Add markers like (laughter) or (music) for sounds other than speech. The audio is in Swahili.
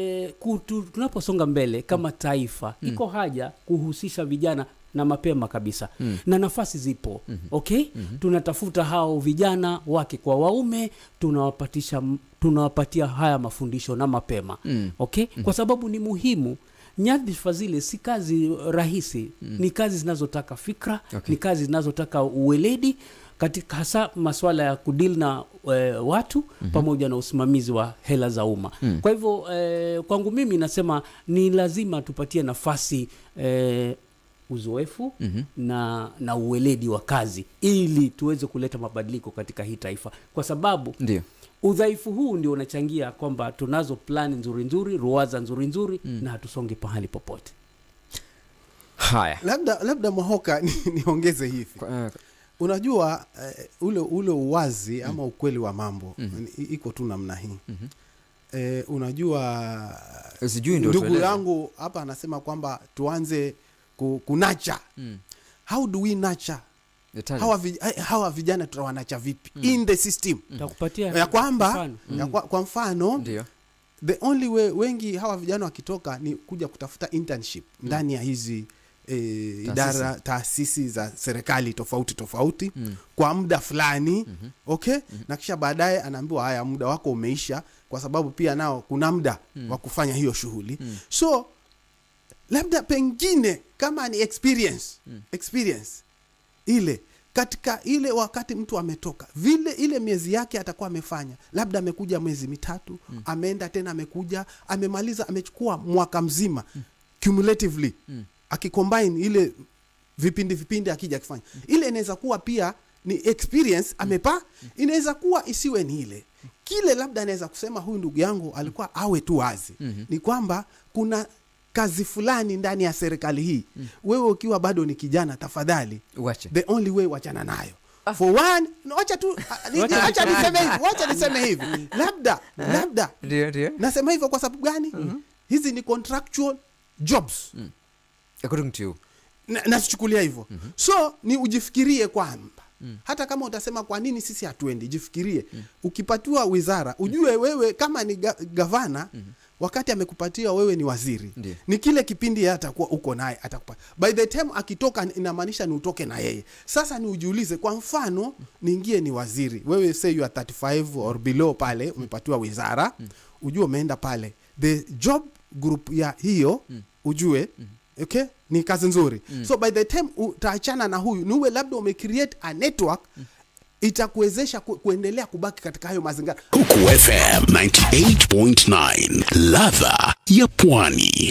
E, tunaposonga mbele kama mm. taifa mm. iko haja kuhusisha vijana na mapema kabisa mm. na nafasi zipo mm -hmm. okay mm -hmm. tunatafuta hao vijana wake kwa waume tunawapatisha tunawapatia haya mafundisho na mapema mm. okay mm -hmm. kwa sababu ni muhimu nyadhifa zile si kazi rahisi mm. ni kazi zinazotaka fikra okay. ni kazi zinazotaka uweledi katika hasa masuala ya kudil na e, watu mm -hmm. pamoja na usimamizi wa hela za umma mm -hmm. Kwa hivyo e, kwangu mimi nasema ni lazima tupatie nafasi e, uzoefu mm -hmm. na, na uweledi wa kazi ili tuweze kuleta mabadiliko katika hii taifa, kwa sababu Ndiyo. udhaifu huu ndio unachangia kwamba tunazo plani nzuri nzuri, ruwaza nzuri nzuri mm. na hatusongi pahali popote. Haya, labda labda Mwahoka (laughs) niongeze ni hivi unajua uh, ule ule uwazi mm. ama ukweli wa mambo mm -hmm. iko tu namna hii mm -hmm. E, unajua eh, sijui ndugu yangu hapa anasema kwamba tuanze kunacha mm. how do we nacha hawa, hawa vijana tutawanacha vipi mm. in the system mm. ya kwamba mm. ya kwa, kwa mfano Ndiyo. the only way wengi hawa vijana wakitoka ni kuja kutafuta internship mm. ndani ya hizi e, idara taasisi za serikali tofauti tofauti mm. kwa muda fulani mm-hmm. okay mm-hmm. na kisha baadaye anaambiwa haya muda wako umeisha kwa sababu pia nao kuna muda mm. wa kufanya hiyo shughuli mm. so labda pengine kama ni experience mm. experience ile katika ile wakati mtu ametoka vile ile miezi yake atakuwa amefanya labda amekuja mwezi mitatu mm. ameenda tena amekuja amemaliza amechukua mwaka mzima mm. cumulatively mm akicombine ile vipindi vipindi akija akifanya ile inaweza kuwa pia ni experience amepa inaweza kuwa isiwe ni ile kile labda anaweza kusema huyu ndugu yangu alikuwa awe tu wazi mm-hmm. ni kwamba kuna kazi fulani ndani ya serikali hii mm. wewe ukiwa bado ni kijana tafadhali Wache. the only way wachana nayo for one wacha tu wacha niseme hivi wacha (laughs) niseme hivi labda eh? labda ndio ndio nasema hivyo kwa sababu gani mm-hmm. hizi ni contractual jobs mm according to you nasichukulia na hivyo mm -hmm. so ni ujifikirie kwamba Mm. hata kama utasema kwa nini sisi hatuendi jifikirie mm. ukipatiwa wizara mm. ujue mm. wewe kama ni gavana mm wakati amekupatia wewe ni waziri Ndi. ni kile kipindi yeye atakuwa uko naye atakupa by the time akitoka inamaanisha ni utoke na yeye sasa ni ujiulize kwa mfano niingie ni waziri wewe say you are 35 or below pale mm. umepatiwa wizara mm. ujue umeenda pale the job group ya hiyo mm. ujue mm okay ni kazi nzuri mm. so by the time utaachana na huyu niuwe labda umecreate a network mm itakuwezesha ku, kuendelea kubaki katika hayo mazingira. kuku FM 98.9 ladha ya pwani.